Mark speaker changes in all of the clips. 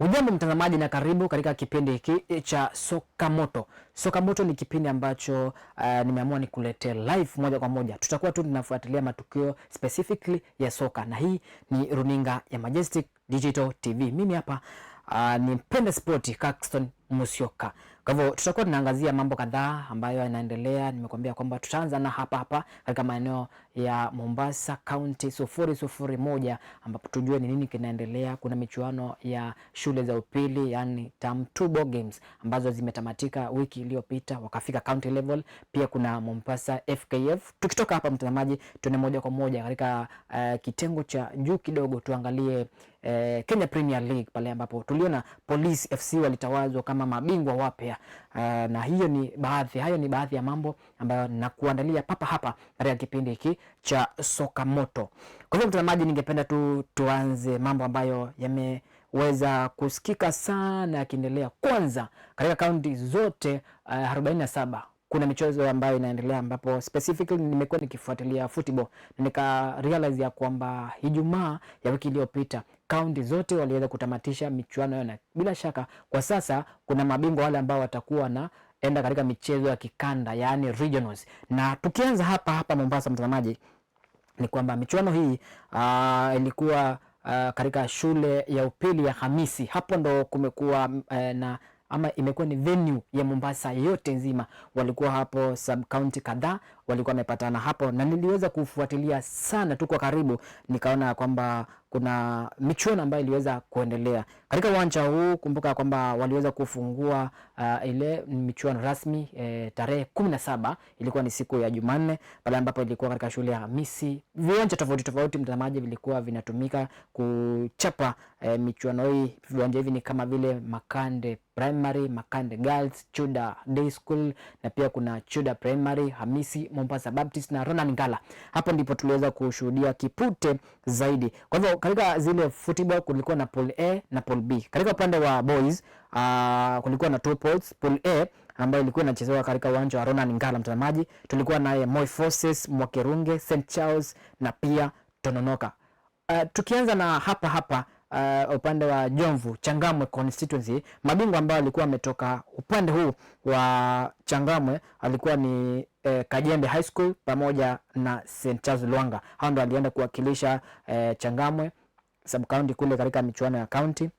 Speaker 1: Ujambo mtazamaji, na karibu katika kipindi hiki cha soka moto. Soka moto ni kipindi ambacho uh, nimeamua nikuletee live moja kwa moja. Tutakuwa tu tunafuatilia matukio specifically ya soka, na hii ni runinga ya Majestic Digital TV. Mimi hapa uh, ni mpende spoti Caxton Musyoka. Kwa hivyo tutakuwa tunaangazia mambo kadhaa ambayo yanaendelea. Nimekuambia kwamba tutaanza na hapa hapa katika maeneo ya Mombasa County sufuri sufuri moja ambapo tujue ni nini kinaendelea. Kuna michuano ya shule za upili yani Tamtubo Games ambazo zimetamatika wiki iliyopita, wakafika county level. Pia kuna Mombasa FKF. Tukitoka hapa, mtazamaji, tuende moja kwa moja katika uh, kitengo cha juu kidogo tuangalie eh, Kenya Premier League pale ambapo tuliona Police FC walitawazwa kama mabingwa wapya eh, na hiyo ni baadhi, hayo ni baadhi ya mambo ambayo nakuandalia papa hapa katika kipindi hiki cha soka moto. Kwa hivyo mtazamaji, ningependa tu tuanze mambo ambayo yame weza kusikika sana yakiendelea. Kwanza, katika kaunti zote uh, eh, 47 kuna michezo ambayo inaendelea, ambapo specifically nimekuwa nikifuatilia football na nika realize ya kwamba Ijumaa ya wiki iliyopita kaunti zote waliweza kutamatisha michuano na bila shaka kwa sasa kuna mabingwa wale ambao watakuwa wanaenda katika michezo ya kikanda yaani regionals. Na tukianza hapa hapa Mombasa, mtazamaji, ni kwamba michuano hii uh, ilikuwa uh, katika shule ya upili ya Hamisi. Hapo ndo kumekuwa uh, na ama imekuwa ni venue ya Mombasa yote nzima, walikuwa hapo sub county kadhaa walikuwa wamepatana hapo, na niliweza kufuatilia sana tu kwa karibu, nikaona kwamba kuna michuano ambayo iliweza kuendelea katika uwanja huu. Kumbuka kwamba waliweza kufungua uh, ile michuano rasmi eh, tarehe 17 ilikuwa ni siku ya Jumanne pale ambapo ilikuwa katika shule ya Hamisi. Viwanja tofauti tofauti, mtazamaji, vilikuwa vinatumika kuchapa eh, michuano hii. Viwanja hivi ni kama vile Makande Primary, Makande Girls, Chuda Day School na pia kuna Chuda Primary, Hamisi Mombasa Baptist na Ronald Ngala. Hapo ndipo tuliweza kushuhudia kipute zaidi. Kwa hivyo katika zile football kulikuwa na pool A na pool B. Katika upande wa boys uh, kulikuwa na two pools, pool A ambayo ilikuwa inachezewa katika uwanja wa Ronald Ngala. Mtazamaji, tulikuwa naye Moi Forces, Mwakerunge, St Charles na pia Tononoka. Uh, tukianza na hapa hapa uh, upande wa Jomvu Changamwe constituency. Mabingwa ambao alikuwa ametoka upande huu wa Changamwe alikuwa ni eh, Kajembe High School pamoja na St Charles Lwanga. Hao ndo alienda kuwakilisha eh, Changamwe sub county kule katika michuano ya county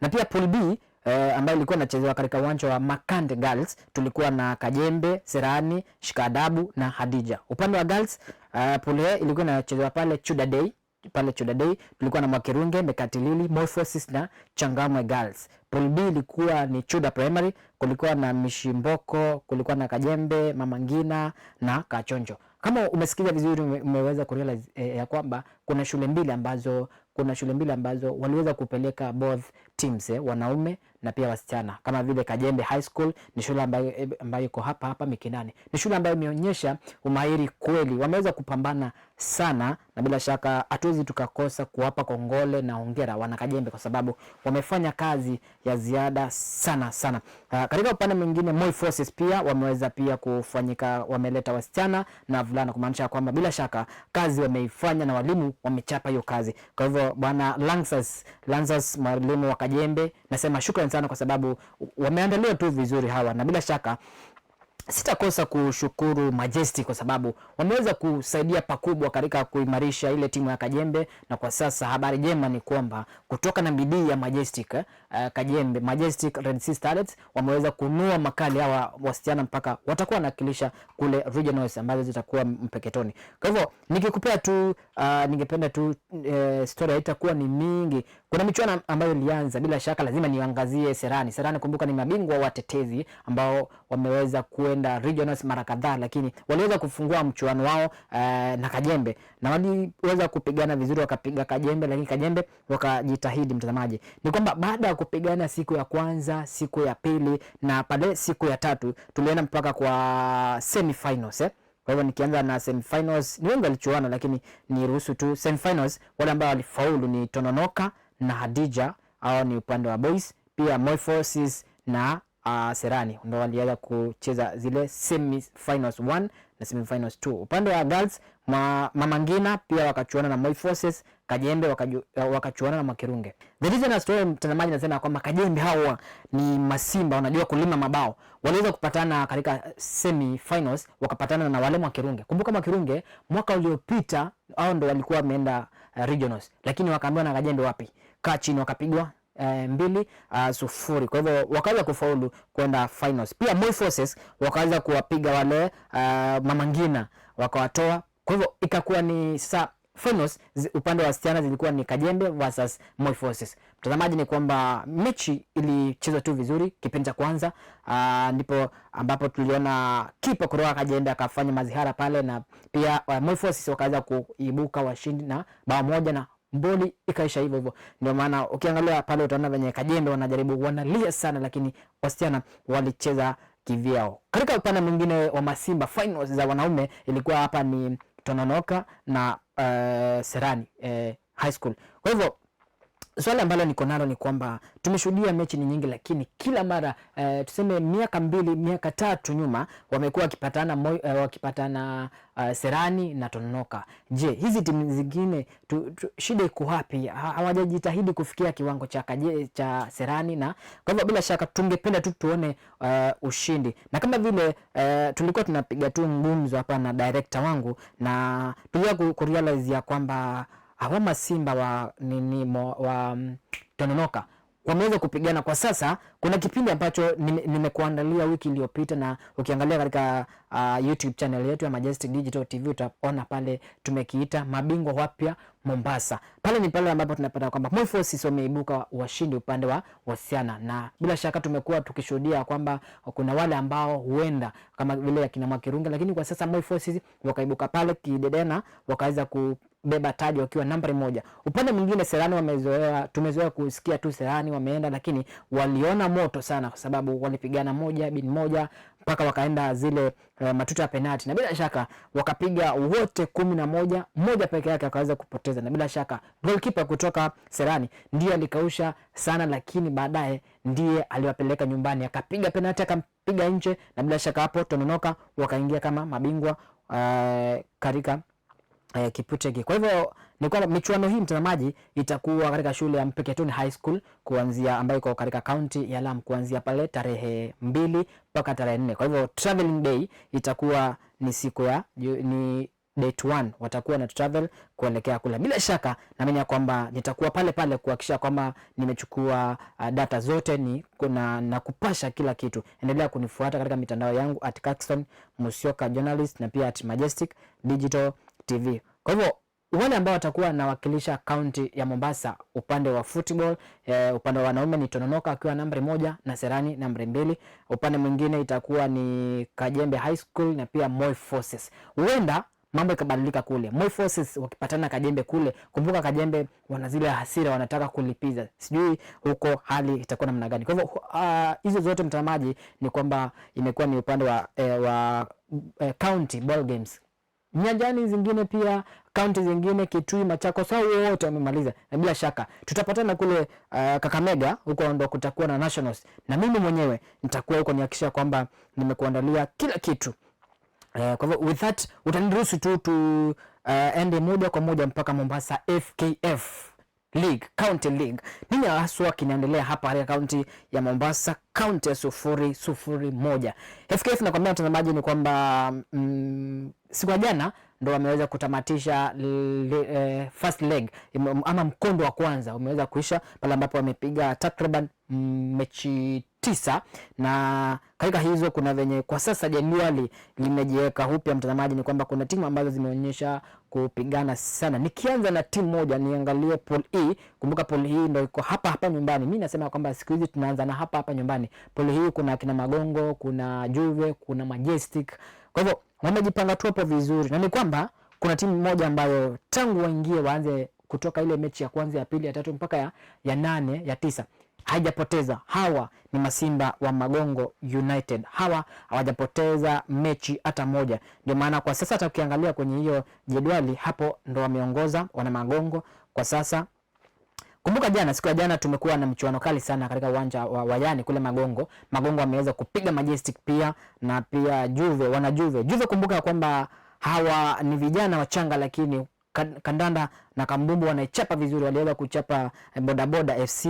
Speaker 1: na pia pool B eh, ambayo ilikuwa inachezewa katika uwanja wa Makande Girls, tulikuwa na Kajembe, Serani, Shikadabu na Hadija. Upande wa girls eh, pool A ilikuwa inachezewa pale Chuda Day pale Chudadei tulikuwa na Mwakirunge, Mekatilili, Morphosis na Changamwe Girls. Pool B ilikuwa ni Chuda Primary, kulikuwa na Mishimboko, kulikuwa na Kajembe, Mamangina na Kachonjo. Kama umesikiza vizuri umeweza kurealize eh, eh, ya kwamba kuna shule mbili ambazo kuna shule mbili ambazo waliweza kupeleka both teams eh, wanaume na pia wasichana. Kama vile Kajembe High School ni shule ambayo eh, ambayo iko hapa hapa Mikinani. Ni shule ambayo imeonyesha umahiri kweli, wameweza kupambana sana, na bila shaka hatuwezi tukakosa kuwapa kongole na hongera Wanakajembe kwa sababu wamefanya kazi ya ziada sana sana. Uh, katika upande mwingine Moi Forces pia wameweza pia kufanyika, wameleta wasichana na vulana, kumaanisha kwamba bila shaka kazi wameifanya na walimu wamechapa hiyo kazi. Kwa hivyo bwana Langsas, Langsas mwalimu wa Kajembe, nasema shukrani sana kwa sababu wameandaliwa tu vizuri hawa na bila shaka sitakosa kushukuru Majestic kwa sababu wameweza kusaidia pakubwa katika kuimarisha ile timu ya Kajembe, na kwa sasa habari njema ni kwamba kutoka na bidii ya Majestic eh, uh, Kajembe Majestic Red Sea Starlets wameweza kunua makali hawa wasichana mpaka watakuwa wanawakilisha kule regionals ambazo zitakuwa Mpeketoni. Kwa hivyo nikikupea tu uh, ningependa tu uh, story itakuwa ni mingi. Kuna michuano ambayo ilianza, bila shaka lazima niangazie Serani. Serani, kumbuka ni mabingwa watetezi ambao wameweza kuenda regionals mara kadhaa, lakini waliweza kufungua mchuano wao uh, na Kajembe na waliweza kupigana vizuri, wakapiga Kajembe, lakini Kajembe wakajitahidi. Mtazamaji, ni kwamba baada kupigana siku ya kwanza, siku ya pili na pale siku ya tatu tulienda mpaka kwa semifinals eh. Kwa hivyo nikianza na semifinals, ni wengi walichuana, lakini ni ruhusu tu semifinals. Wale ambao walifaulu ni Tononoka na Hadija, hao ni upande wa boys, pia Forces na uh, Serani ndio waliweza kucheza zile semifinals 1 na semifinals 2. Upande wa girls ma, Mama Ngina pia wakachuana na Forces Kajembe wakachuana na Makirunge. The reason as story mtazamaji, nasema kwamba Kajembe hawa ni masimba wanajua kulima mabao. Waliweza kupatana katika semi finals wakapatana na wale Makerunge. Kumbuka Makirunge mwaka uliopita hao ndo walikuwa wameenda uh, regionals lakini wakaambiwa na Kajembe wapi? Kaa chini wakapigwa Uh, mbili uh, sufuri. Kwa hivyo wakaweza kufaulu kwenda finals. Pia Moi Forces wakaweza kuwapiga wale uh, Mamangina wakawatoa. Kwa hivyo ikakuwa ni saa Finals upande wa wasichana zilikuwa ni Kajembe versus Moi Forces. Mtazamaji, ni kwamba mechi ilichezwa tu vizuri kipindi cha kwanza, ah, ndipo ambapo tuliona kipa kutoka Kajembe akafanya mazihara pale, na pia ah, Moi Forces wakaweza kuibuka washindi na bao moja na mboli ikaisha hivyo hivyo. Ndio maana ukiangalia pale utaona venye Kajembe wanajaribu wanalia sana, lakini wasichana walicheza kivyao. Katika upande mwingine wa Masimba, finals za wanaume ilikuwa hapa ni Tononoka na uh, Serani uh, High School. Kwa hivyo Swali ambalo niko nalo ni kwamba tumeshuhudia mechi ni nyingi, lakini kila mara eh, tuseme miaka mbili miaka tatu nyuma wamekuwa wakipatana eh, wakipatana eh, Serani na Tononoka. Je, hizi timu zingine shida iko wapi? Hawajajitahidi kufikia kiwango cha kaje, cha Serani na kwa hivyo bila shaka tungependa tu tuone eh, ushindi na kama vile eh, tulikuwa tunapiga tu ngumzo hapa na director wangu na tulia kurealize ya kwamba hawa masimba wa nini mo, wa mm, Tononoka wameweza kupigana kwa sasa. Kuna kipindi ambacho nimekuandalia nime wiki iliyopita, na ukiangalia katika uh, YouTube channel yetu ya Majestic Digital TV utaona pale tumekiita mabingwa wapya Mombasa. Pale ni pale ambapo tunapata kwamba Morpheus wameibuka washindi upande wa wasichana, na bila shaka tumekuwa tukishuhudia kwamba kuna wale ambao huenda kama vile akina Mwakirunga, lakini kwa sasa Morpheus wakaibuka pale kidedena wakaweza ku kubeba taji wakiwa nambari moja. Upande mwingine Serani wamezoea, tumezoea kusikia tu Serani wameenda, lakini waliona moto sana, kwa sababu walipigana moja bin moja mpaka wakaenda zile uh, matuta ya penati, na bila shaka wakapiga wote kumi na moja, moja peke yake akaweza kupoteza, na bila shaka golkipa kutoka Serani ndiye alikausha sana, lakini baadaye ndiye aliwapeleka nyumbani, akapiga penati akampiga nje, na bila shaka hapo Tononoka wakaingia kama mabingwa uh, katika eh, Kipchoge. Kwa hivyo ni kwamba michuano hii mtazamaji, itakuwa katika shule ya Mpeketoni High School kuanzia ambayo iko katika kaunti ya Lamu kuanzia pale tarehe mbili mpaka tarehe nne. Kwa hivyo traveling day itakuwa ni siku ya ni date one watakuwa na travel kuelekea kule. Bila shaka naamini kwamba nitakuwa pale pale kuhakikisha kwamba nimechukua uh, data zote ni kuna na kupasha kila kitu. Endelea kunifuata katika mitandao yangu at Caxton Musyoka journalist na pia at Majestic Digital TV. Kwa hivyo wale ambao watakuwa nawakilisha kaunti ya Mombasa upande wa football e, upande wa wanaume ni Tononoka akiwa nambari moja na Serani nambari mbili. Upande mwingine itakuwa ni Kajembe High School na pia Moi Forces. Huenda mambo ikabadilika kule. Moi Forces wakipatana Kajembe kule, kumbuka Kajembe wana zile hasira, wanataka kulipiza. Sijui huko hali itakuwa namna gani. Kwa hivyo ah, hizo uh, zote mtazamaji, ni kwamba imekuwa ni upande wa eh, wa eh, county ball games nyajani zingine pia kaunti zingine Kitui, Machakos, hao wote wamemaliza, na bila shaka tutapatana kule uh, Kakamega huko ndo kutakuwa na nationals, na mimi mwenyewe nitakuwa huko nihakikisha kwamba nimekuandalia kila kitu uh, kwa hivyo with that utaniruhusu tu tu uh, ende moja kwa moja mpaka Mombasa FKF. League, County League. Nini haswa kinaendelea hapa katika kaunti ya Mombasa, kaunti ya sufuri sufuri moja. FKF nakwambia mtazamaji ni kwamba mm, siku ya jana ndo wameweza kutamatisha le, e, first leg ama mkondo wa kwanza umeweza kuisha pale ambapo wamepiga takriban mm, mechi tisa na katika hizo kuna venye kwa sasa jedwali limejiweka upya, mtazamaji, ni kwamba kuna timu ambazo zimeonyesha kupigana sana. Nikianza na timu moja, niangalie pool E. Kumbuka pool hii e ndio iko hapa hapa nyumbani. Mimi nasema kwamba siku hizi tunaanza na hapa hapa nyumbani. Pool hii e kuna kina Magongo, kuna Juve, kuna Majestic. Kwa hivyo wamejipanga tu hapo vizuri, na ni kwamba kuna timu moja ambayo tangu waingie waanze kutoka ile mechi ya kwanza ya pili ya tatu mpaka ya, ya nane ya tisa haijapoteza. Hawa ni masimba wa Magongo United, hawa hawajapoteza mechi hata moja. Ndio maana kwa sasa hata ukiangalia kwenye hiyo jedwali hapo ndo wameongoza wana Magongo kwa sasa. Kumbuka jana, siku ya jana tumekuwa na mchuano kali sana katika uwanja wa Wayani kule Magongo. Magongo wameweza kupiga Majestic pia na pia Juve, wana Juve. Juve kumbuka kwamba hawa ni vijana wachanga lakini kandanda na Kambumbu wanaichapa vizuri, waliweza kuchapa eh, Bodaboda FC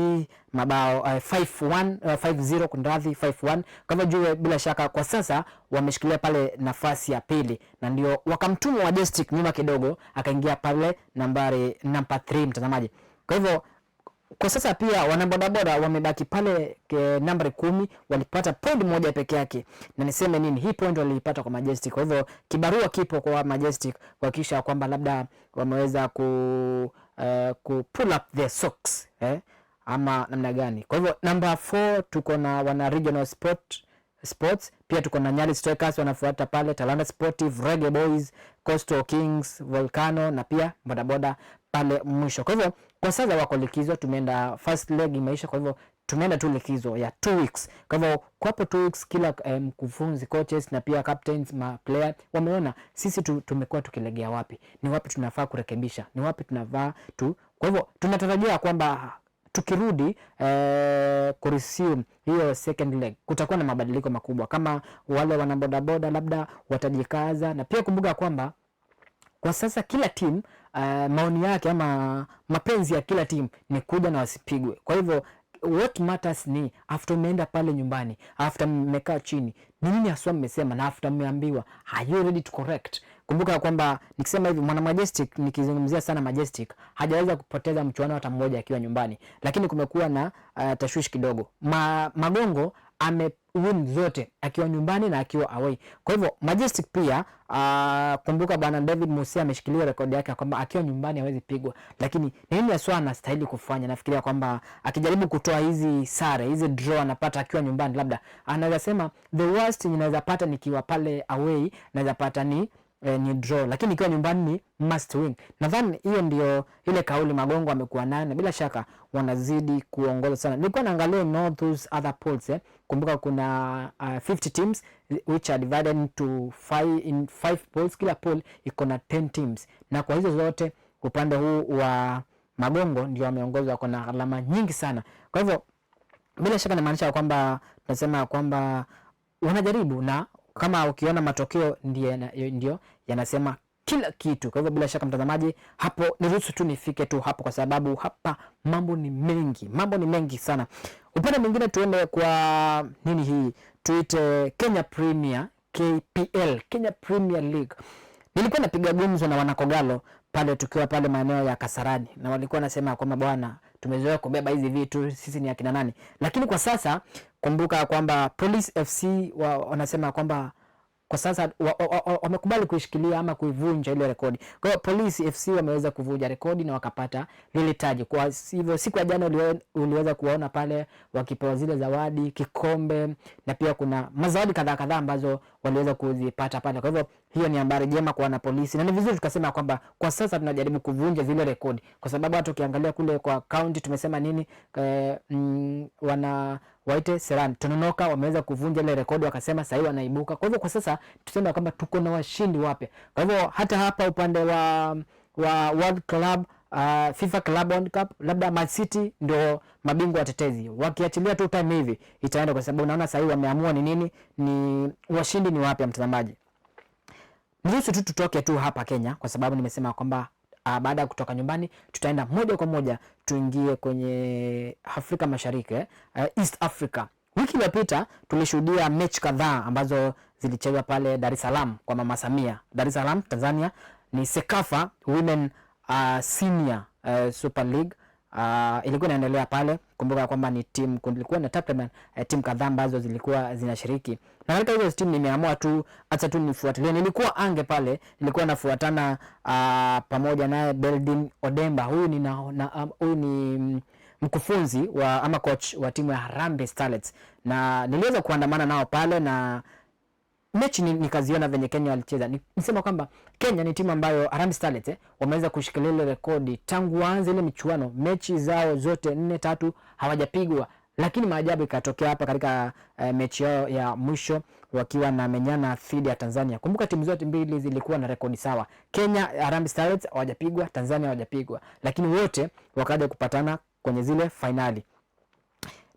Speaker 1: mabao 5-1 5-0 kunradhi 5-1. Kwa hivyo bila shaka kwa sasa wameshikilia pale nafasi ya pili, na ndio wa Majestic nyuma kidogo, akaingia pale nambari namba 3 mtazamaji, kwa hivyo kwa sasa pia wanabodaboda wamebaki pale eh, nambari kumi, walipata point moja peke yake, na niseme nini, hii point waliipata kwa Majestic. Kwa hivyo kibarua kipo kwa Majestic kuhakikisha kwamba labda wameweza ku, uh, ku pull up their socks eh, ama namna gani? Kwa hivyo namba 4 tuko na wana regional sport sports pia tuko na Nyali Strikers wanafuata pale, Talanta Sportive, Reggae Boys, Coastal Kings, Volcano na pia bodaboda pale mwisho. Kwa hivyo kwa sasa wako likizo, tumeenda first leg imeisha, kwa hivyo tumeenda tu likizo ya two weeks. Kwa hivyo kwa hapo two weeks, kila eh, mkufunzi um, coaches na pia captains ma player wameona sisi tu, tumekuwa tukilegea wapi, ni wapi tunafaa kurekebisha, ni wapi tunavaa tu. Kwa hivyo tunatarajia kwamba tukirudi eh, resume hiyo second leg kutakuwa na mabadiliko makubwa, kama wale wanabodaboda labda watajikaza, na pia kumbuka kwamba kwa sasa kila timu uh, maoni yake ama mapenzi ya kila timu ni kuja na wasipigwe. Kwa hivyo what matters ni after umeenda pale nyumbani, after mmekaa chini, ni nini haswa mmesema, na after mmeambiwa, are you ready to correct? Kumbuka kwamba nikisema hivi mwana Majestic, nikizungumzia sana Majestic, hajaweza kupoteza mchuano hata mmoja akiwa nyumbani, lakini kumekuwa na uh, tashwishi kidogo. Ma, Magongo ame win zote akiwa nyumbani na akiwa away. Kwa hivyo Majestic pia uh, kumbuka bwana David Musia ameshikilia rekodi yake kwamba akiwa nyumbani hawezi pigwa, lakini nini aswa anastahili kufanya? Nafikiria kwamba akijaribu kutoa hizi sare hizi draw anapata akiwa nyumbani, labda anaweza sema the worst inaweza pata nikiwa pale away, naweza pata ni eh, ni draw, lakini ikiwa nyumbani ni must win. Nadhani hiyo ndio ile kauli Magongo amekuwa nayo, na bila shaka wanazidi kuongoza sana. Nilikuwa naangalia North those other polls eh. Kumbuka kuna uh, 50 teams which are divided into five, in five polls. Kila poll iko na 10 teams, na kwa hizo zote upande huu wa Magongo ndio ameongoza kwa na alama nyingi sana. Kwa hivyo bila shaka inamaanisha kwamba nasema kwamba wanajaribu na kama ukiona matokeo ndio, ndio yanasema kila kitu. Kwa hivyo bila shaka mtazamaji, hapo niruhusu tu nifike tu hapo, kwa sababu hapa mambo ni mengi, mambo ni mengi sana. Upande mwingine tuende kwa nini hii tuite Kenya Premier KPL, Kenya Premier League. Nilikuwa napiga gumzo na wanakogalo pale tukiwa pale maeneo ya Kasarani, na walikuwa nasema kwamba bwana, tumezoea kubeba hizi vitu sisi ni akina nani, lakini kwa sasa Kumbuka kwamba Police FC wanasema kwamba kwa sasa wamekubali wa, wa, wa kuishikilia ama kuivunja ile rekodi. Kwa hiyo Police FC wameweza kuvunja rekodi na wakapata lile taji. Kwa hivyo siku ya jana uliweza kuwaona pale wakipewa zile zawadi, kikombe na pia kuna mazawadi kadhaa kadhaa ambazo waliweza kuzipata pale. Kwa hivyo hiyo ni habari njema kwa wanapolisi, na ni vizuri tukasema kwamba kwa sasa tunajaribu kuvunja zile rekodi, kwa sababu hata ukiangalia kule kwa kaunti tumesema nini e, mm, wana waite Serani Tononoka wameweza kuvunja ile rekodi, wakasema sahii wanaibuka. Kwa hivyo kwa sasa tuseme kwamba tuko na washindi wapya. Kwa hivyo hata hapa upande wa, wa World Club uh, FIFA Club World Cup, labda Man City ndio mabingwa watetezi. Wakiachilia tu time hivi itaenda, kwa sababu unaona sasa hivi wameamua ni nini, ni washindi ni wapi, mtazamaji. Niruhusu tu tutoke tu hapa Kenya kwa sababu nimesema kwamba uh, baada ya kutoka nyumbani tutaenda moja kwa moja tuingie kwenye Afrika Mashariki eh? Uh, East Africa. Wiki iliyopita tulishuhudia mechi kadhaa ambazo zilichezwa pale Dar es Salaam kwa Mama Samia. Dar es Salaam, Tanzania ni Sekafa Women uh, senior uh, Super League uh, ilikuwa inaendelea pale. Kumbuka kwamba ni timu kulikuwa na takriban uh, eh, timu kadhaa ambazo zilikuwa zinashiriki, na katika hizo timu nimeamua tu acha tu nifuatilie. Nilikuwa ange pale, nilikuwa nafuatana uh, pamoja naye Beldin Odemba, huyu ni na, na, um, huyu ni mkufunzi wa ama coach wa timu ya Harambee Starlets, na niliweza kuandamana nao pale na mechi nikaziona venye Kenya walicheza. Nisema kwamba Kenya ni timu ambayo Harambee Starlets eh, wameweza kushikilia ile rekodi tangu waanze ile michuano, mechi zao zote nne tatu hawajapigwa, lakini maajabu ikatokea hapa katika eh, mechi yao ya mwisho wakiwa na menyana dhidi ya Tanzania. Kumbuka timu zote mbili zilikuwa na rekodi sawa. Kenya Harambee Starlets hawajapigwa, Tanzania hawajapigwa, lakini wote wakaja kupatana kwenye zile fainali.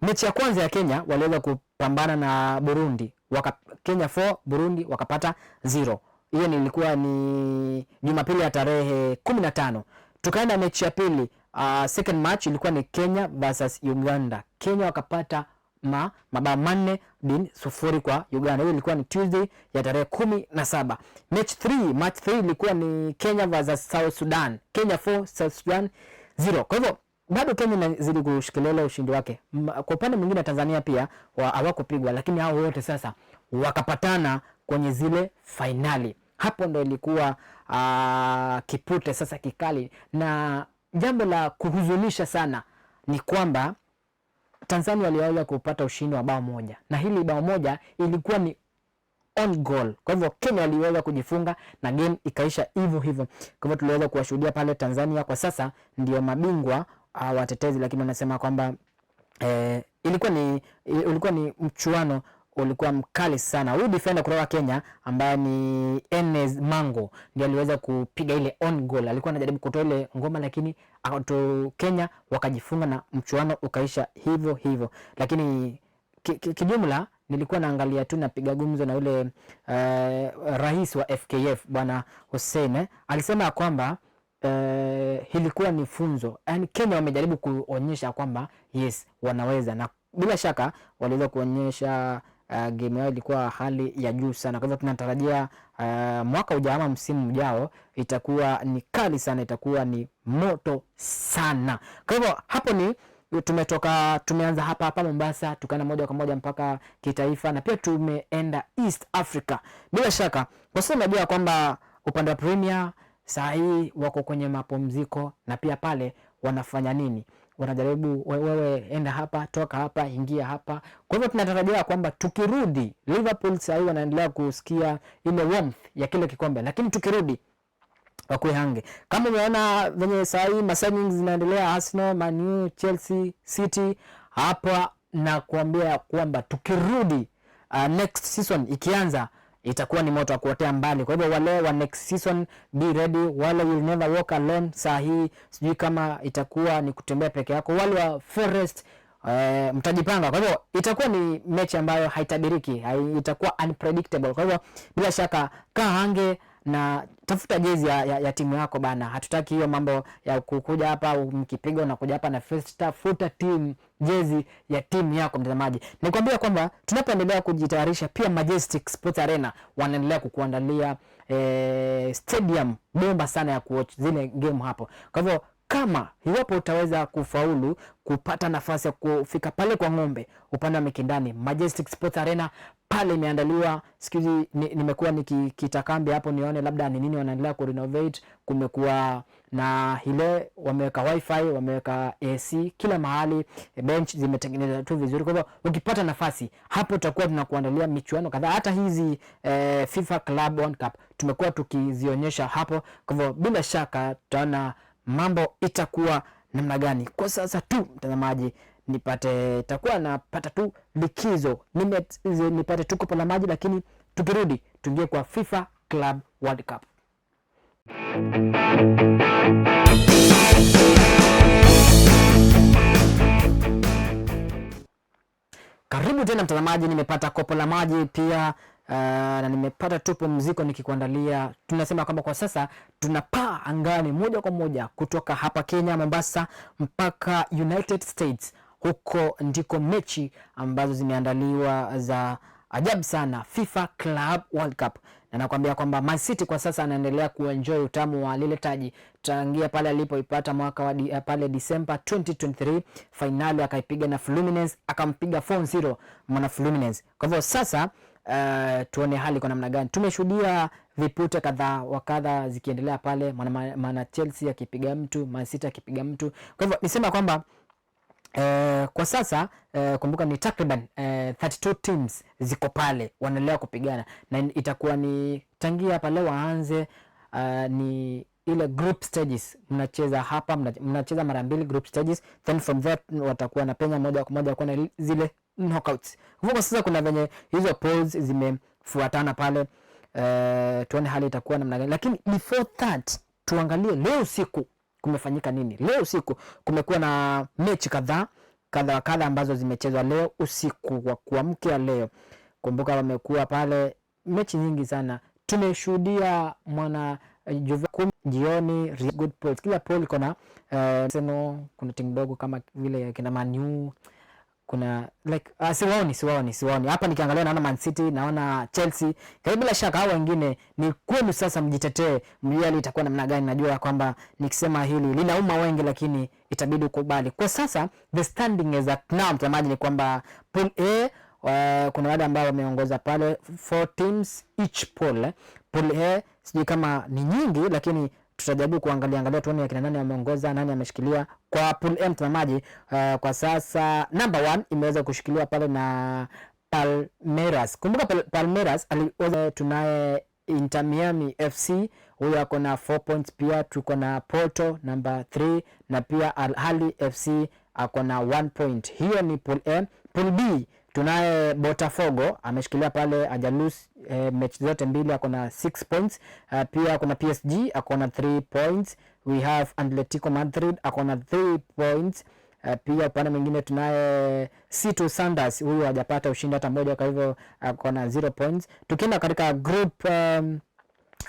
Speaker 1: Mechi ya kwanza ya Kenya waliweza kupambana na Burundi waka, Kenya 4 Burundi wakapata 0. Hiyo nilikuwa ni Jumapili ya tarehe 15. Tukaenda mechi ya pili uh, second match ilikuwa ni Kenya versus Uganda. Kenya wakapata ma, mabao manne bin sufuri kwa Uganda. Hiyo ilikuwa ni Tuesday ya tarehe 17. Match 3, match 3 ilikuwa ni Kenya versus South Sudan. Kenya 4 South Sudan 0. Kwa hivyo bado Kenya inazidi kushikilia ushindi wake. Kwa upande mwingine, Tanzania pia hawakupigwa, lakini hao wote sasa wakapatana kwenye zile fainali. Hapo ndo ilikuwa uh, kipute sasa kikali, na jambo la kuhuzunisha sana ni kwamba Tanzania waliweza kupata ushindi wa bao moja, na hili bao moja ilikuwa ni on goal. Kwa hivyo Kenya waliweza kujifunga na game ikaisha hivyo hivyo. Kwa hivyo tuliweza kuwashuhudia pale Tanzania kwa sasa ndio mabingwa Ah, watetezi, lakini wanasema kwamba eh, ilikuwa ni ulikuwa ni mchuano ulikuwa mkali sana. Huyu defender kutoka Kenya ambaye ni Enes Mango ndiye aliweza kupiga ile on goal, alikuwa anajaribu kutoa ile ngoma, lakini to Kenya wakajifunga na mchuano ukaisha hivyo hivyo. Lakini kijumla nilikuwa naangalia tu napiga gumzo na yule uh, rais wa FKF bwana Hussein eh. alisema ya kwamba Eh, ilikuwa ni funzo yani, Kenya wamejaribu kuonyesha kwamba yes wanaweza, na bila shaka waliweza kuonyesha uh, game yao ilikuwa hali ya juu sana. Kwa hivyo tunatarajia uh, mwaka ujao ama msimu ujao itakuwa ni kali sana, itakuwa ni moto sana. Kwa hivyo hapo ni tumetoka tumeanza hapa hapa Mombasa, tukaenda moja kwa moja mpaka kitaifa na pia tumeenda East Africa. Bila shaka kwa sababu unajua kwamba upande wa Premier saa hii wako kwenye mapumziko, na pia pale wanafanya nini? Wanajaribu wewe, enda hapa, toka hapa, ingia hapa. Kwa hivyo tunatarajia kwamba tukirudi Liverpool, saa hii wanaendelea kusikia ile warmth ya kile kikombe, lakini tukirudi wakuwe hange. Kama umeona venye saa hii zinaendelea, Arsenal, Man U, Chelsea, City hapa na kuambia kwamba tukirudi uh, next season ikianza itakuwa ni moto wa kuotea mbali. Kwa hivyo wale wa next season be ready, wale will never walk alone. Saa hii sijui kama itakuwa ni kutembea peke yako, wale wa forest Uh, mtajipanga. Kwa hivyo itakuwa ni mechi ambayo haitabiriki, itakuwa unpredictable. Kwa hivyo bila shaka kaa hange na tafuta jezi ya, ya, ya timu yako bana. Hatutaki hiyo mambo ya kukuja hapa mkipiga unakuja hapa na festa. Futa timu jezi ya timu yako. Mtazamaji, nikwambia kwamba tunapoendelea kujitayarisha pia Majestic Sports Arena wanaendelea kukuandalia eh, stadium bomba sana ya kuwatch zile game hapo, kwa hivyo kama iwapo utaweza kufaulu kupata nafasi ya kufika pale kwa ng'ombe upande wa mikindani Majestic Sports Arena pale imeandaliwa siku nimekuwa ni nikikitakambi hapo nione labda ni nini wanaendelea ku renovate. Kumekuwa na ile wameweka wifi, wameweka AC kila mahali, eh, bench zimetengenezwa tu vizuri. Kwa hivyo ukipata nafasi hapo, tutakuwa tunakuandalia michuano kadhaa, hata hizi eh, FIFA Club World Cup tumekuwa tukizionyesha hapo. Kwa hivyo bila shaka tutaona mambo itakuwa namna gani? Kwa sasa tu mtazamaji, nipate itakuwa napata tu likizo nipate tu kopo la maji, lakini tukirudi tuingie kwa FIFA Club World Cup. Karibu tena mtazamaji, nimepata kopo la maji pia uh, na nimepata tu pumziko nikikuandalia. Tunasema kwamba kwa sasa tunapaa angani moja kwa moja kutoka hapa Kenya Mombasa mpaka United States. Huko ndiko mechi ambazo zimeandaliwa za ajabu sana, FIFA Club World Cup, na nakwambia kwamba Man City kwa sasa anaendelea kuenjoy utamu wa lile taji tangia pale alipoipata mwaka wa di, eh, pale Disemba 2023 fainali akaipiga na Fluminense, akampiga 4-0 mwana Fluminense. Kwa hivyo sasa Uh, tuone hali kwa namna gani. Tumeshuhudia vipute kadhaa wa kadha zikiendelea pale, maana maana Chelsea akipiga mtu, Man City akipiga mtu. Kwa hivyo nisema kwamba uh, kwa sasa uh, kumbuka ni takriban uh, 32 teams ziko pale wanaelewa kupigana na itakuwa ni tangia pale waanze uh, ni ile group stages mnacheza hapa mnacheza mara mbili group stages, then from there watakuwa na penya moja kwa moja kwa zile knockouts. Huko sasa kuna venye hizo polls zimefuatana pale. Uh, tuone hali itakuwa namna gani, lakini before that tuangalie leo usiku kumefanyika nini. Leo usiku kumekuwa na mechi kadhaa kadha wa kadha ambazo zimechezwa leo usiku wa kuamkia leo. Kumbuka wamekuwa pale mechi nyingi sana, tumeshuhudia mwana eh, Juve jioni good polls, kila poll iko na uh, kuna timu dogo kama vile kina Manu kuna like uh, siwaoni siwaoni siwaoni hapa. Nikiangalia naona Man City, naona Chelsea, kwa bila shaka hao wengine ni kwenu. Sasa mjitetee, mjue hali itakuwa namna gani. Najua ya kwamba nikisema hili linauma wengi, lakini itabidi ukubali. Kwa sasa the standing is at now, mtazamaji, ni kwamba pool A uh, kuna wale ambao wameongoza pale four teams each pool. Pool A sijui kama ni nyingi, lakini tutajaribu kuangalia angalia tuone akina nani ameongoza, nani ameshikilia kwa pool M mtazamaji. Uh, eh, kwa sasa number 1 imeweza kushikiliwa pale na Palmeiras. Kumbuka Palmeiras aliweza, eh, tunaye Inter Miami FC huyo ako na 4 points, pia tuko na Porto number 3 na pia Al Ahly FC ako na 1 point. Hiyo ni pool M. Pool B Tunaye Botafogo ameshikilia pale ajalus e, eh, mechi zote mbili ako na 6 points. Uh, pia ako PSG ako na 3 points. We have Atletico Madrid ako na 3 points. Uh, pia upande mwingine tunaye C2 Sanders, huyu hajapata ushindi hata mmoja, kwa hivyo ako na 0 points. Tukienda katika group um,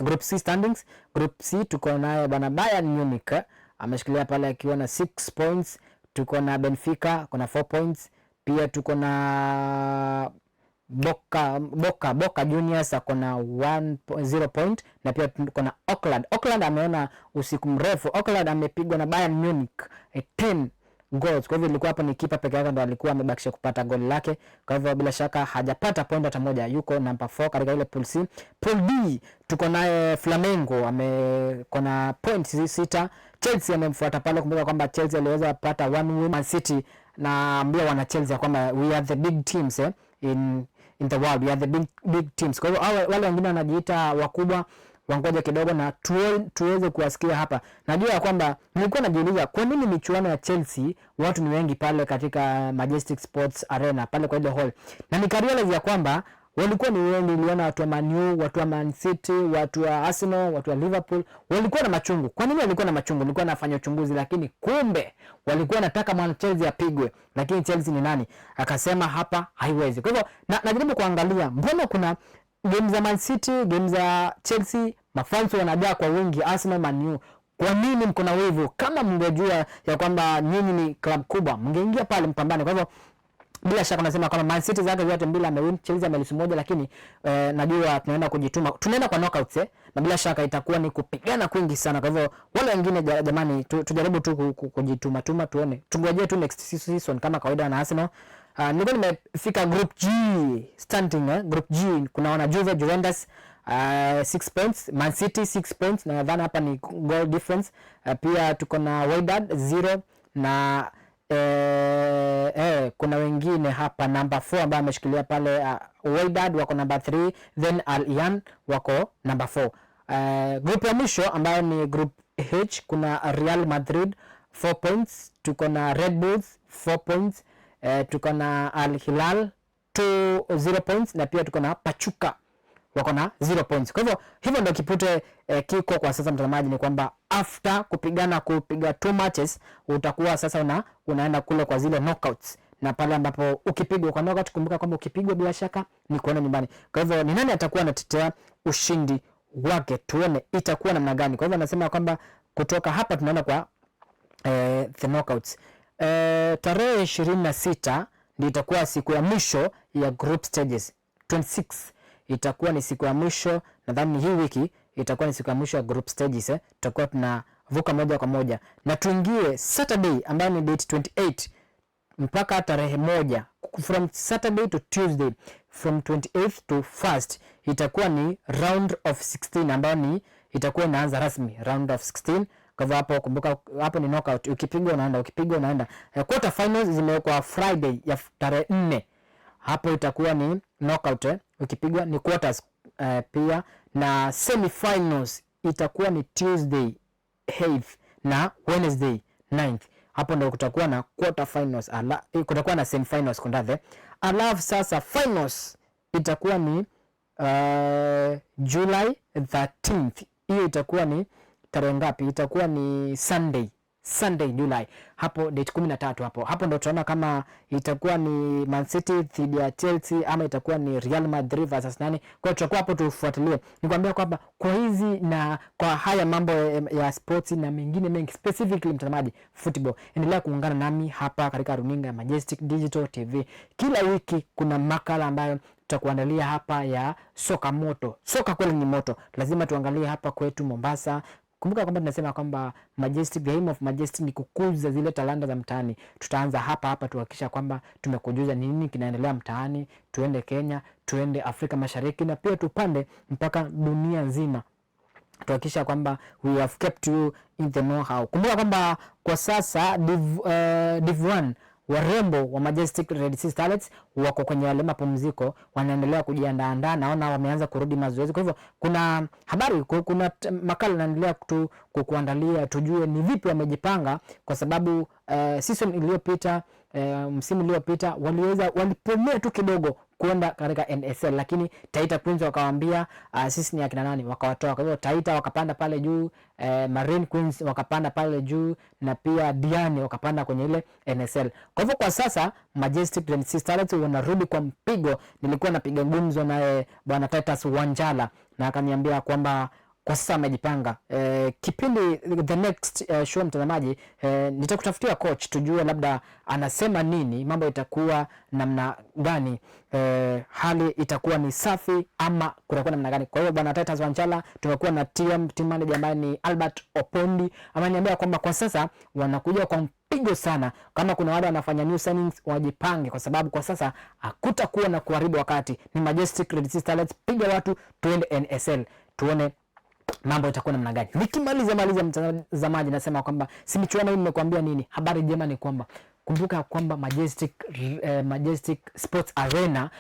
Speaker 1: group C standings, group C tuko naye bwana Bayern Munich ameshikilia pale akiwa na 6 points. Tuko na Benfica kona 4 points pia tuko na Boka, Boka, Boka Juniors ako na 1.0 point na pia tuko na Auckland. Auckland ameona usiku mrefu. Auckland amepigwa na Bayern Munich e eh, 10 goals. Kwa hivyo ilikuwa hapo ni kipa peke yake ndo alikuwa amebakisha kupata goal lake. Kwa hivyo bila shaka hajapata point hata moja. Yuko namba 4 katika ile pool C. Pool B tuko naye Flamengo ame kona point 6. Chelsea amemfuata pale, kumbuka kwamba Chelsea aliweza kupata 1 win. Man City naambia wana Chelsea kwamba we are the big teams eh, in, in the world we are the big, big teams. Kwa hivyo wale wengine wanajiita wakubwa wangoja kidogo na tuwe, tuweze kuwasikia hapa. Najua ya kwamba nilikuwa najiuliza kwa nini michuano ya Chelsea watu ni wengi pale katika Majestic Sports Arena pale kwa ile hall, na nikarealize ya kwamba walikuwa ni wengi. Uliona watu wa Man U, watu wa Man City, watu wa Arsenal, watu wa Liverpool walikuwa na machungu. Kwa nini walikuwa na machungu? Nilikuwa nafanya uchunguzi, lakini kumbe walikuwa nataka mwana Chelsea apigwe, lakini Chelsea ni nani? Akasema hapa haiwezi. Kwa hivyo na, najaribu kuangalia mbona kuna game za Man City, game za Chelsea, mafans wanajaa kwa wingi, Arsenal, Man U. Kwa nini mko na wivu? Kama mngejua ya kwamba nyinyi ni klabu kubwa, mngeingia pale mpambane. Kwa hivyo bila shaka nasema kwamba Man City zake zote mbili amewin, Chelsea amelisi moja, lakini eh, najua tunaenda kujituma, tunaenda kwa knockouts eh, na bila shaka itakuwa ni kupigana kwingi sana. Kwa hivyo wale wengine jamani, tu, tujaribu tu kujituma tuma, tuone tungojee tu next season kama kawaida na Arsenal. Uh, nilikuwa nimefika group G standing eh, group G kuna wana Juve, Juventus uh, six points Man City six points, na nadhani hapa ni goal difference uh, pia tuko na Wydad zero na Eh, eh, kuna wengine hapa namba 4 ambaye ameshikilia pale uh, Wydad wako namba 3 then Al wako namba 4. Uh, group ya mwisho ambayo ni group H kuna Real Madrid 4 points, tuko na Red Bulls 4 points, uh, tuko na Al Hilal 2 0 points na pia tuko na Pachuca wako na zero points. Kwa hivyo hivyo ndio kipute eh, kiko kwa sasa mtazamaji, ni kwamba after kupigana kupiga two matches utakuwa sasa una, unaenda kule kwa zile knockouts na pale ambapo ukipigwa kwa knockout, kumbuka kwamba ukipigwa bila shaka ni kuona nyumbani. Kwa hivyo ni nani atakuwa anatetea ushindi wake, tuone itakuwa namna gani. Kwa hivyo anasema kwamba kutoka hapa tunaenda kwa eh, the knockouts eh, tarehe 26 ndio itakuwa siku ya mwisho ya group stages 26 itakuwa ni siku ya mwisho, nadhani hii wiki itakuwa ni siku ya mwisho ya group stages eh. Tutakuwa tunavuka moja kwa moja na tuingie Saturday ambayo ni date 28 mpaka tarehe moja from Saturday to Tuesday from 28th to 1st itakuwa ni round of 16 ambayo ni itakuwa inaanza rasmi round of 16. Kwa hivyo hapo kumbuka, hapo ni knockout, ukipigwa unaenda, ukipigwa unaenda. Eh, quarter finals zimewekwa Friday ya tarehe 4, hapo itakuwa ni knockout eh ikipigwa ni quarters uh, pia na semifinals itakuwa ni Tuesday 8th na Wednesday 9th. Hapo ndio kutakuwa na quarter finals ala, eh, kutakuwa na semifinals kundadhe, alafu sasa finals itakuwa ni uh, July 13th. Hiyo itakuwa ni tarehe ngapi? Itakuwa ni Sunday Sunday July hapo date 13 hapo hapo ndo tutaona kama itakuwa ni Man City dhidi ya Chelsea ama itakuwa ni Real Madrid versus nani. Kwa hiyo tutakuwa hapo, tufuatilie. Nikwambia kwamba kwa hizi na kwa haya mambo ya sports na mengine mengi, specifically mtazamaji football, endelea kuungana nami hapa katika runinga ya Majestic Digital TV. Kila wiki kuna makala ambayo tutakuandalia hapa ya soka moto. Soka kweli ni moto, lazima tuangalie hapa kwetu Mombasa, Kumbuka kwamba tunasema kwamba Majestic, the aim of Majestic ni kukuza zile talanta za mtaani. Tutaanza hapa hapa, tuhakikisha kwamba tumekujuza ni nini kinaendelea mtaani, tuende Kenya, tuende Afrika Mashariki na pia tupande mpaka dunia nzima, tuhakikisha kwamba we have kept you in the know how. Kumbuka kwamba kwa sasa div, uh, div one Warembo wa Majestic Red Sea Starlets wako kwenye wale mapumziko, wanaendelea kujiandaandaa, naona wameanza kurudi mazoezi. Kwa hivyo kuna habari, kuna makala naendelea kukuandalia, tujue ni vipi wamejipanga, kwa sababu uh, season iliyopita uh, msimu uliopita waliweza walipomea tu kidogo kwenda katika NSL, lakini Taita Queens wakawaambia uh, ah, sisi ni akina nani, wakawatoa. Kwa hiyo Taita wakapanda pale juu eh, Marine Queens wakapanda pale juu na pia Diani wakapanda kwenye ile NSL. Kwa hivyo kwa sasa Majestic Grand Stars wanarudi kwa mpigo. Nilikuwa napiga gumzo naye eh, bwana Titus Wanjala na akaniambia kwamba kwa sasa amejipanga e, kipindi the next uh, show mtazamaji, e, nitakutafutia coach tujue labda anasema nini, mambo itakuwa namna gani, e, hali itakuwa ni safi ama kutakuwa namna gani? Kwa hiyo bwana Titus Wanchala, tumekuwa na team team manager ambaye ni Albert Opondi, ameniambia kwamba kwa sasa wanakuja kwa pigo sana. Kama kuna wale wanafanya new signings wajipange, kwa sababu kwa sasa hakutakuwa na kuharibu wakati. Ni Majestic Red Stars, let's piga watu twende NSL tuone mambo itakuwa namna gani. Nikimaliza maliza, mtazamaji, nasema kwamba si michuano hii, nimekuambia nini? Habari jema ni kwamba kumbuka kwamba Majestic, eh, Majestic Sports Arena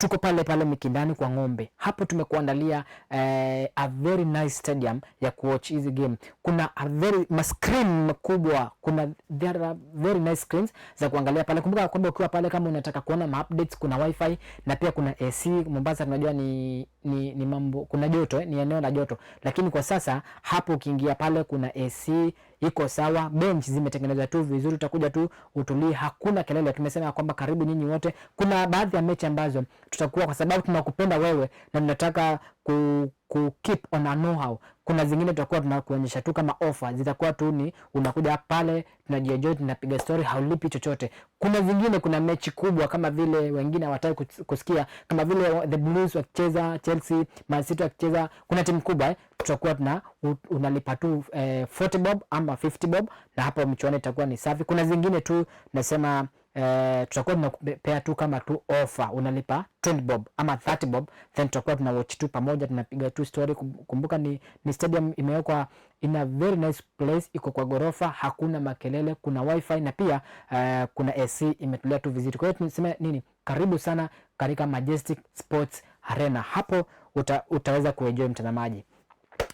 Speaker 1: Tuko pale pale Mikindani kwa Ng'ombe. Hapo tumekuandalia eh, a very nice stadium ya kuwatch hizi game. Kuna a very mascreen makubwa, kuna there are very nice screens za kuangalia pale. Kumbuka kwamba ukiwa pale kama unataka kuona ma updates, kuna wifi na pia kuna AC. Mombasa tunajua ni ni, ni mambo kuna joto eh, ni eneo la joto, lakini kwa sasa hapo ukiingia pale kuna AC iko sawa, bench zimetengenezwa tu vizuri, utakuja tu utulie, hakuna kelele. Tumesema kwamba karibu nyinyi wote, kuna baadhi ya mechi ambazo tutakuwa, kwa sababu tunakupenda wewe na tunataka ku ku keep on a know how. Kuna zingine tutakuwa tunakuonyesha tu kama offer, zitakuwa tu ni unakuja pale tunajienjoy, tunapiga story, haulipi chochote. Kuna zingine, kuna mechi kubwa kama vile wengine hawataki kusikia, kama vile the Blues wakicheza Chelsea, Man City wakicheza, kuna timu kubwa eh, tutakuwa tuna unalipa tu eh, 40 bob ama 50 bob, na hapo michuano itakuwa ni safi. Kuna zingine tu nasema e, tutakuwa tunapea tu kama tu ofa, unalipa 20 bob ama 30 bob, then tutakuwa tuna watch tu pamoja, tunapiga tu story. Kumbuka ni, ni stadium imewekwa in a very nice place, iko kwa gorofa, hakuna makelele, kuna wifi na pia e, kuna AC imetulia tu vizuri. Kwa hiyo tunasema nini, karibu sana katika Majestic Sports Arena, hapo uta, utaweza kuenjoy mtazamaji.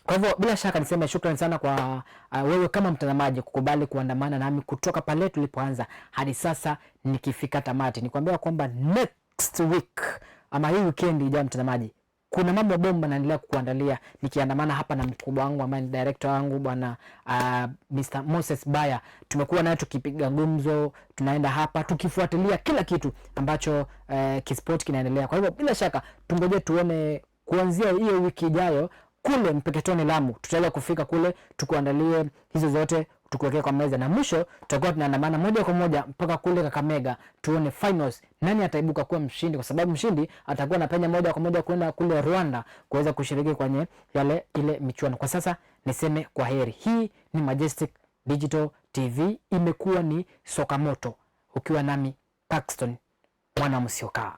Speaker 1: Kwa hivyo bila shaka niseme shukrani sana kwa uh, wewe kama mtazamaji kukubali kuandamana nami kutoka pale tulipoanza hadi sasa nikifika tamati. Nikwambia kwamba next week ama hii weekend ijayo, mtazamaji, kuna mambo bomba naendelea kukuandalia nikiandamana hapa na mkubwa wangu ambaye ni director wangu bwana uh, ah, Mr Moses Baya. Tumekuwa naye tukipiga gumzo, tunaenda hapa tukifuatilia kila kitu ambacho uh, eh, kisport kinaendelea. Kwa hivyo bila shaka tungoje tuone kuanzia hiyo wiki ijayo kule Mpeketoni Lamu, tutaweza kufika kule tukuandalie hizo zote tukuwekea kwa meza, na mwisho tutakuwa tunaandamana moja kwa moja mpaka kule Kakamega tuone finals, nani ataibuka kuwa mshindi, kwa sababu mshindi atakuwa na penya moja kwa moja kwenda kule Rwanda kuweza kushiriki kwenye yale ile michuano. Kwa sasa niseme kwa heri. Hii ni Majestic Digital TV, imekuwa ni soka moto, ukiwa nami Paxton mwana msiokaa